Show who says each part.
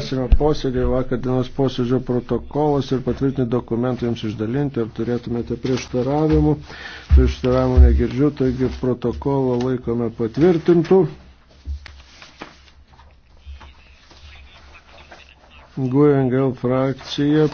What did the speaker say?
Speaker 1: Esame posėdėje vakar dienos posėdžio protokolas ir patvirtinti dokumentai jums išdalinti, ar turėtumėte prieštaravimų. Prieštaravimų negirdžiu, taigi protokolą laikome patvirtintų.
Speaker 2: Guengel frakcija